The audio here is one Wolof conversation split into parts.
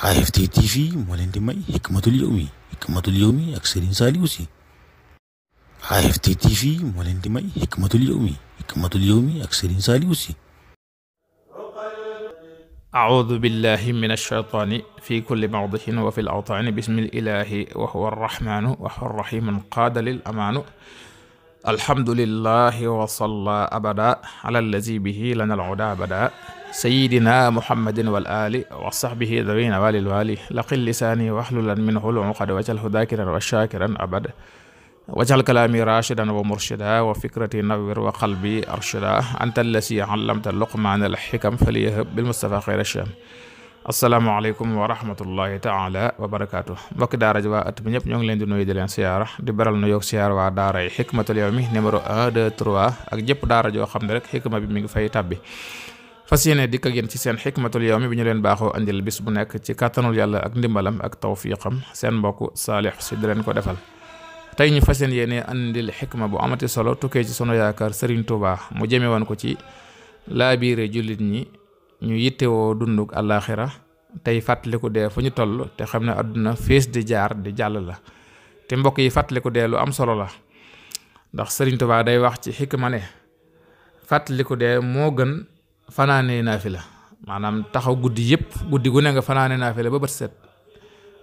AFT TV moo leen di may xikmatul yawmi xikmatul yawmi ak Serigne Saliou Sy AFT TV moo leen di may xikmatul yawmi xikmatul yawmi ak Serigne Saliou Sy أعوذ بالله من الشيطان في كل موضع وفي الأوطان بسم الإله وهو الرحمن وهو الرحيم قاد للأمان alhamdulillahi wa salla abada ala allazi bihi lana al-huda abada sayidina muhammadin wal ali wa sahbihi dawina walil wali laqil lisaani waxlulan minhu al-uqad wajal hudakiran wa shakiran abada wajal kalaami rashidan wa murshida wa fikrati nawwir wa qalbi arshida anta allazi allamta luqmaana al-hikam falyahab bil mustafa khayra sham asalaamaaleykum wa rahmatullahi taala wa barakaatu mbokki daara ji waa at bi ñëpp ñoo ngi leen di nuyu di leen siyaara di baral nu yoog siyaar waa daara yi xikmatul yawmi numéro 1 2 3 ak jëpp daara xam ne rek xikma bi mi ngi fay tabbi fas yéene dikk ak yéen ci seen xikmatul yawmi bi ñu leen baaxoo andil bis bu nekk ci kàttanul yàlla ak ndimbalam ak tawfiqam seen mbokk saalix si di leen ko defal tey ñu fas yéene andil xikma bu amati solo tukkee ci sunu yaakaar Serigne Touba mu jëme woon ko ci laabiire jullit ñi ñu yittewoo dunduk àllaaxira tey fàttaliku dee fu ñu toll te xam ne àdduna fees di jaar di jàll la te mbokk yi fàttaliku dee lu am solo la ndax sëriñ Tuubaa day wax ci xikma ne fàttaliku dee moo gën fanaanee naafila maanaam taxaw guddi yëpp guddi gu ne nga fanaanee naafila ba bët set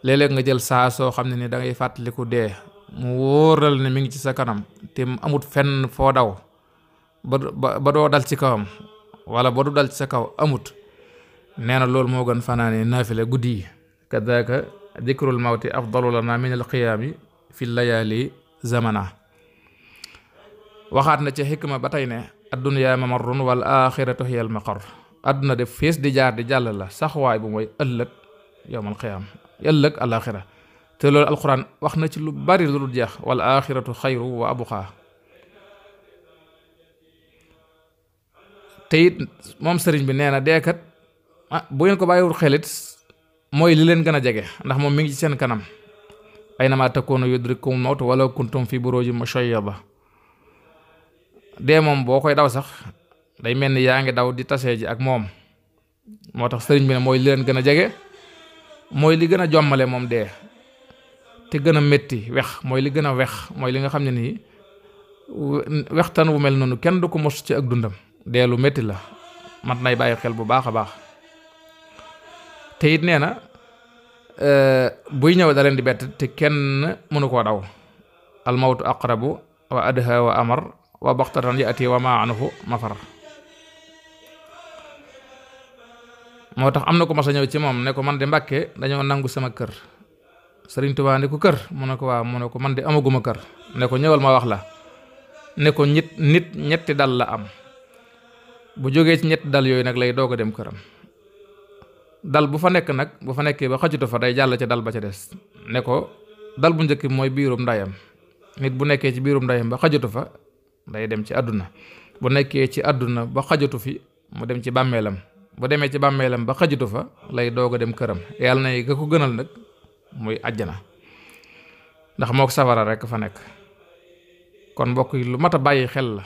léeg nga jël saa soo xam ne ni da ngay fàttaliku dee mu wóoral ne mi ngi ci sa kanam te mu amut fenn foo daw ba doo dal ci kawam wala ba du dal ci sa kaw amut nee na loolu moo gën fanaane naafila guddi yi kadaka dikrul mawti afdalu lana min alqiyaami fi layaali zamana waxaat na ci xikma ba tey ne adduniyaa mamarrun wal axiratu hiya al maqar adduna def fees di jaar di jàll la saxuwaay bu mooy ëllëg yowmal qiyaam ëllëg al te loolu alquran wax na ci lu bari lu dul jeex wal axiratu xayru wa abuqaa te it moom sëriñ bi nee na deekat ah bu ngeen ko bàyyiwul xelit mooy li leen gën a jege ndax moom mi ngi ci seen kanam na aynama takunu yudrikum mawt wala kuntum fi buruji ba dee moom boo koy daw sax day mel ni yaa ngi daw di tasee ji ak moom moo tax sëriñ bi ne mooy li leen gën a jege mooy li gën a jommale moom dee te gën a métti wex mooy li gën a wex mooy li nga xam ne nii wextaan wu mel noonu kenn du ko mos ci ak dundam dee metti la mat nay bàyyi xel bu baax a baax te it nee na e, buy ñëw da leen di bett te kenn mënu koo daw almawtu aqrabu wa adha wa amar wa baxtatan yaati wa ma anhu moo tax am na ko mas a ñëw ci moom ne ko man di mbàkke dañoo nangu sama kër sëriñtu Tuubaa ne ko kër mu ne ko waa mu ne ko man di amaguma kër ne ko ñëwal ma wax la ne ko nit nit ñetti dal la am bu jógee ci ñetti dal yooyu nag lay doog a dem këram dal bu fa nekk nag bu fa nekkee ba xajutu fa day jàll ci dal ba ca des ne ko dal bu njëkk mooy biirum ndayam nit bu nekkee ci biirum ndayam ba xajutu fa day dem ci àdduna bu nekkee ci àdduna ba xajatu fi mu dem ci bàmmeelam bu demee ci bàmmeelam ba xajutu fa lay doog a dem këram yàlla na ga ko gënal nag muy àjjana ndax mook safara rekk fa nekk kon mbokk yi lu mat a bàyyi xel la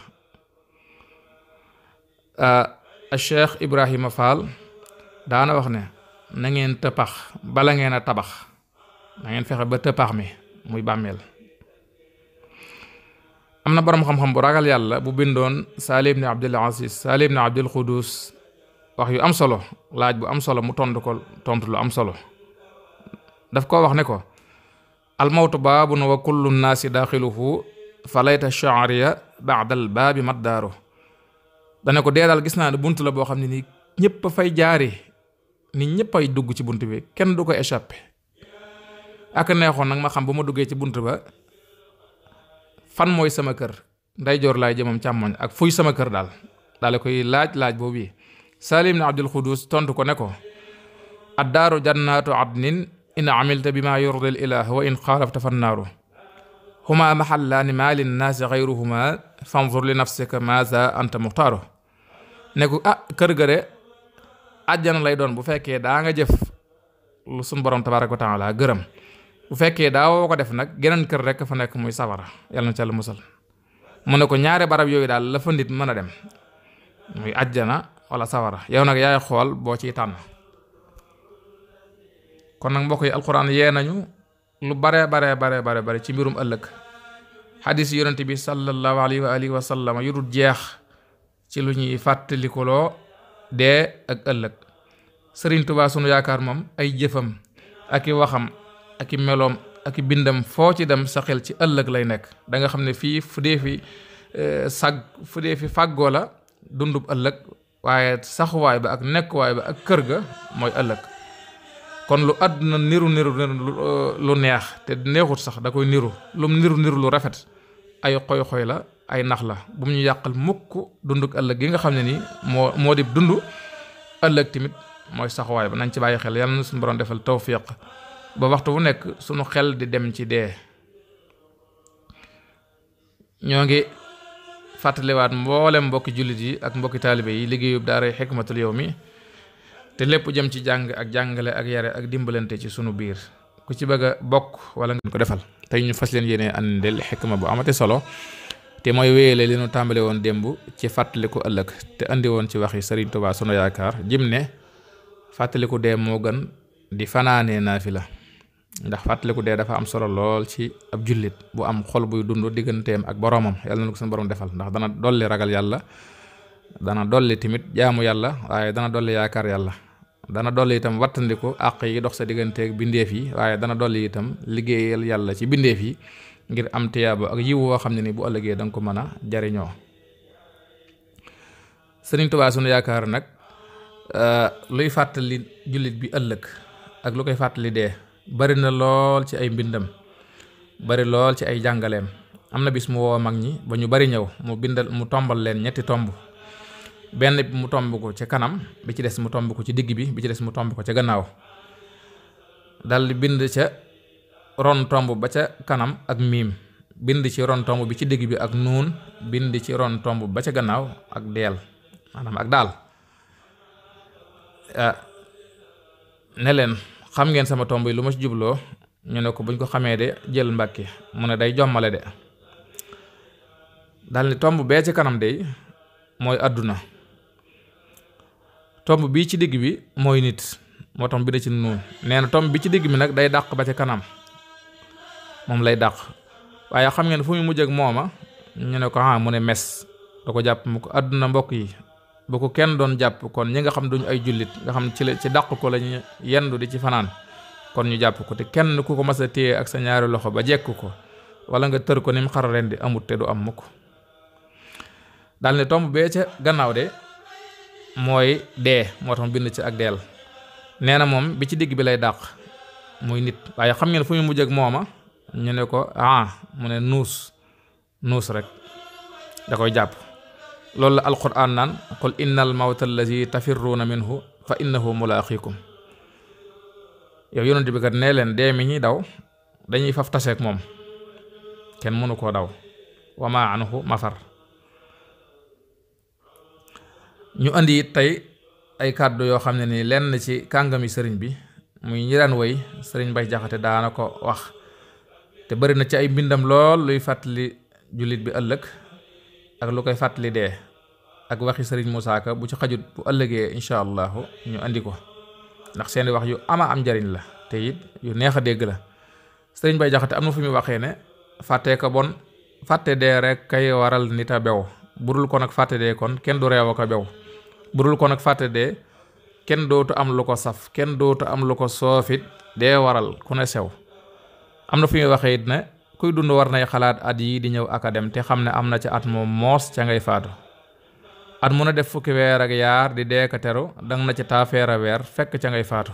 Euh, a Cheikh Ibrahima Fall daana wax ne na ngeen tëppax bala ngeen a tabax na ngeen fexe ba tëppax mi muy bàmmeel am na boroom xam-xam bu ragal yàlla bu bindoon Salih ibn Abdul Aziz Salih ibn Abdul Xudus wax yu am solo laaj bu am solo mu tontu ko tontu lu am solo daf koo wax ne ko almawtu baabun wa kullu nnaasi daaxiluhu fa layta shaariya baadal baabi maddaaru dana ko dee daal gis naa ne bunt la boo xam ne nii ñëpp a fay jaari ni ñëpp ay dugg ci bunt bi kenn du ko échappé ak neexoon nag ma xam bu ma duggee ci bunt ba fan mooy sama kër ndeyjoor laay jëmam càmmoñ ak fuy sama kër daal daal koy laaj laaj boobu yi Salim na Abdul Xudus tontu ko ne ko addaaru jannaatu adnin in amilta bi ma yurdil ilaah wa in xaalafta fannaaru huma mahallaani ma linnaasi xayruhuma fanzur li nafsika maza anta muxtaaru ne ko ah kër gëre àjjana lay doon bu fekkee daa nga jëf lu sun borom tabaaraka wa taala gërëm bu fekkee daa woo ko def nag geneen kër rek fa nekk muy sawara yàlla na ca la musal mu ne ko ñaari barab yooyu daal la fa nit mën a dem muy àjjana wala sawara yow nag yaay xool boo ciy tànn kon nag mbokk alxuraan yee nañu lu baree baree baree bare bare ci mbirum ëllëg xadis yi bi sallallahu alayhi wa alihi wa sallam yu dul jeex ci lu ñuy fàttalikuloo dee ak ëllëg sëriñ tubaa sunu yaakaar moom ay jëfam ak waxam ak i meloom ak bindam foo ci dem sa xel ci ëllëg lay nekk danga xam ne fii fu dee fi e, sag fu dee fi fàggoo la dundub ëllëg waaye saxuwaay bi ak nekkuwaay bi ak kër ga mooy ëllëg kon lu àdduna niru niru euh, lu neex te neexut sax da koy niru lum niru niru lu rafet ay xoy-xoy la ay nax la bu mu ñu yàqal mukk dunduk ëllëg gi nga xam ne ni moo moo di dund ëllëg tamit mooy saxuwaay ba nañ ci bàyyi xel yàlla na suñu borom defal tawfiq ba waxtu wu nekk suñu xel di dem ci dee ñoo ngi fàttaliwaat mboolem mbokki jullit yi ak mbokki taalibe yi liggéeyub daaray Hikmatul mi te lépp jëm ci jàng ak jàngale ak yare ak dimbalante ci sunu biir ku ci bëgg a bokk wala ngeen ko defal tey ñu fas leen yéene andil ma bu amate solo te mooy wéyale li tàmbale woon démb ci fàttaliku ëllëg te indi woon ci wax yi Serigne tubaa sunu yaakaar jim ne fàttaliku dee moo gën di fanaanee la ndax fàttaliku dee dafa am solo lool ci ab jullit bu am xol buy dund digganteem ak boromam yàlla na ko seen borom defal ndax dana dolli ragal yàlla dana dolli tamit jaamu yàlla waaye dana dolli yaakaar yàlla dana dolli itam wattandiku àq yi dox sa digganteeg bindeef yi waaye dana dolli itam liggéeyal yàlla ci bindeef yi ngir am tiyaaba ak yiw woo xam ne ni bu ëllëgee danga ko mën a jariñoo Sëriñ Tuubaa sunu yaakaar nag eh, luy fàttali jullit bi ëllëg ak lu koy fàttali dee bari na lool ci ay mbindam bari lool ci ay jàngaleem am na bis mu woo mag ñi ba ñu bari ñëw mu bindal mu tombal leen ñetti tomb benn bi mu tomb ko ci kanam bi ci des mu tomb ko ci digg bi bi ci des mu tomb ko ca gannaaw daldi bind ca ron tomb ba ca kanam ak miim bind ci ron tomb bi ci digg bi ak nuun bind ci ron tomb ba ca gannaaw ak deel maanaam ak daal ah, ne leen xam ngeen sama tomb yi lu ma ci jubloo ñu ne ko buñ ko xamee de jël mbàkki mu ne day jommale de dal ni tomb bee ci kanam de mooy àdduna tomb bii ci digg bi mooy nit moo tomb bi da ci nuun nee na tomb bi ci digg bi nag day dàq ba ca kanam moom lay dàq waaye xam ngeen fu mu mujj ak mooma ñu ne ko ah mu ne mes da ko jàpp mu ko àdduna mbokk yi bu ko kenn doon jàpp kon ñi nga xam duñu ay jullit nga xam ci la ci dàq ko la ñu yendu di ci fanaan kon ñu jàpp ko te kenn ku ko mas a téye ak sa ñaari loxo ba jekk ko wala nga tër ko ni mu xaraleen di amut te du am mukk daal ne tomb bee ca gannaaw de mooy dee moo tax mu bind ci ak deel nee na moom bi ci digg bi lay dàq muy nit waaye xam ngeen fu ñu mujj ak mooma ñu ne ko ah mu ne nuus nuus rek da koy jàpp loolu la alquran naan qul innal mawta allazi tafirruuna minhu fa innahu mulaaqikum yow yonent bi kat nee leen dee mi ñuy daw dañuy faf taseek moom kenn mënu koo daw wa ma anhu mafar ñu andi it tey ay kàddu yoo xam ne ni lenn ci kàngami sëriñ bi muy ñi daan woy sëriñ bay Jaxate daana ko wax te bari na ci ay mbindam lool luy fàttali jullit bi ëllëg ak lu koy fàttali dee ak waxi sëriñ Moussa Ka bu ci xajut bu ëllëgee incha allahu ñu andi ko ndax seeni wax yu ama am njariñ la te it yu neex a dégg la sëriñ Mbay Jaxate am na fu muy waxee ne fàttee ko bon fàtte dee rek ay waral nit a bew budul kon ak fàtte dee kon kenn du reew a ko bew bu dul ko nag fàtte dee kenn dootu am lu ko saf kenn dootu am lu ko soofit dee waral ku ne sew am na fu ñuy waxe it ne kuy dund war nay xalaat at yi di ñëw ak a dem te xam ne am na ca at moom moos ca ngay faatu at mun a def fukki weer ak yaar di dee ka teru dang na ca taafeera weer fekk ca ngay faatu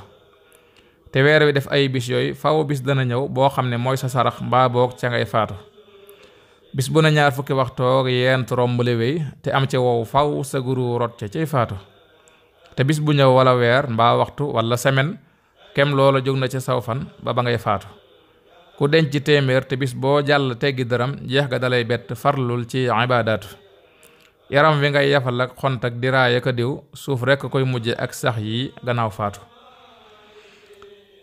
te weer wi def ay bis yooyu faw bis dana ñëw boo xam ne mooy sa sarax mbaa boog ca ngay faatu bis bu ne ñaar fukki waxtoog yent rombale wéy te am ca wow faw sa guru rot ca cay faatu te bis bu ñëw wala weer mbaa waxtu wala semaine kem loola jóg na ca saw fan ba ba ngay faatu ku denc ci téeméer te bis boo jàll teggi dërëm jeex nga dalay bett farlul ci ibaadaatu yaram wi ngay yafal ak xont ak diraaya ka diw suuf rekk koy mujje ak sax yi gannaaw faatu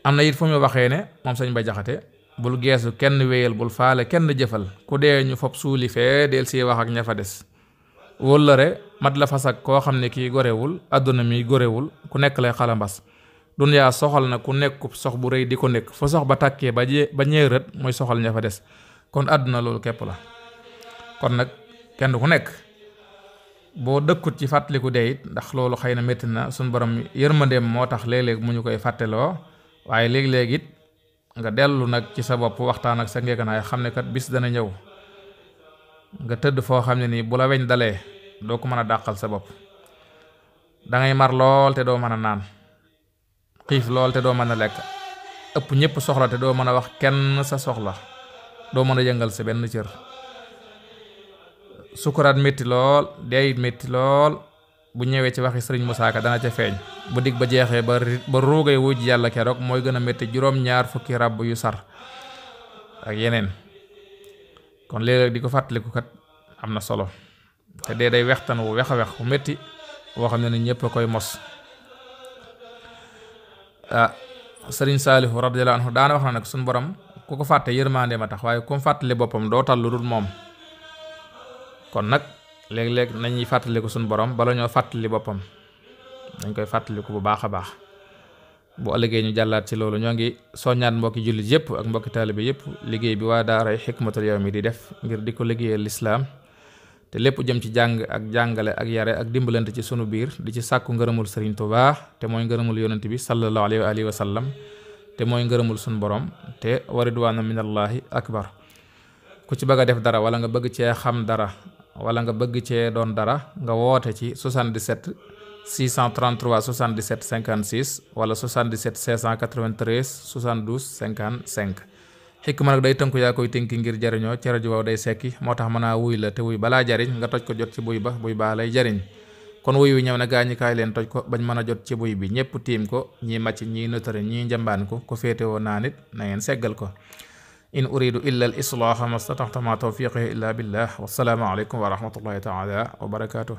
am na it fu mu waxee ne moom sëñ ba jaxate bul geesu kenn wéyal bul faale kenn jëfal ku dee ñu fob suuli fee del siy wax ak ña fa des wóllëre mat la fas ak koo xam ne kii gorewul àdduna mi gorewul ku nekk lay xalambas dunyaa soxal na ku nekkub sox bu rëy di ko nekk fu sox ba tàkkee ba jee ba ñeerët mooy soxal ña fa des kon àdduna loolu képp la kon nag kenn ku nekk boo dëkkut ci fàttaliku dee it ndax loolu xëy na métti na suñ borom yërmandeem moo tax léeg-léeg mu ñu koy fàtteloo waaye léeg nga dellu nag ci sa bopp waxtaan ak sa ngeeganaay xam ne kat bis dana ñëw nga tëdd foo xam ne nii bu la weñ dalee doo ko mën a dàqal sa bopp dangay mar lool te doo mën a naan xiif lool te doo mën a lekk ëpp ñëpp soxla te doo mën a wax kenn sa soxla doo mën a yëngal sa benn cër sukuraat métti lool dee it métti lool bu ñewee ci waxi sëriñ Musaa Ka dana ca feeñ bu digg ba jeexee ba ba ruugay wuj yàlla keroog mooy gën a metti juróom-ñaar fukki ràbb yu sar ak yeneen kon léeg di ko fàttaliku kat am na solo te dee day wextan wu wex a wex wu métti woo ne ne ñëpp a koy mos ah sëriñ saalihu radiyallahu anhu daana wax na nag suñu borom ku ko fàtte yërmande ma tax waaye ku mu fàttali boppam doo tal lu dul moom kon nag léeg-léeg nañuy fàttaliku suñu borom bala ñoo fàttali boppam dañ koy fàttaliku bu baax a baax bu ëllëgee ñu jàllaat ci loolu ñoo ngi soññaat mbokki jullit yëpp ak mbokki taalibe yëpp liggéey bi waa daaray xikmatul yawmi di def ngir di ko liggéeyal lislaam te lépp jëm ci jàng ak jàngale ak yare ak dimbalante ci sunu biir di ci sàkku ngërëmul sëriñ Tuubaa te mooy ngërëmul yonent bi sallallahu alayhi wa alihi wa te mooy ngërëmul sunu borom te wa ridwaanun minallaahi akbar ku ci bëgg a def dara wala nga bëgg cee xam dara wala nga bëgg cee doon dara nga woote ci 77 633 77 56 wala 77 693 72 55 xikma nag day tënku yaa koy tënki ngir jariñoo ci rajo waaw day sekki moo tax mën a wuy la te wuy balaa jariñ nga toj ko jot ci buy ba buy baa lay jariñ kon wuy wi ñëw na gaa kaay leen toj ko bañ mën a jot ci buy bi ñëpp tiim ko ñii màcc ñii notari ñii njambaan ko ku féetewoo naa nit na ngeen seggal ko in uridu illa al islaaha mastataxtama tawfiqi illa billah wasalaamu aleykum wa rahmatullahi taala wa barakatuh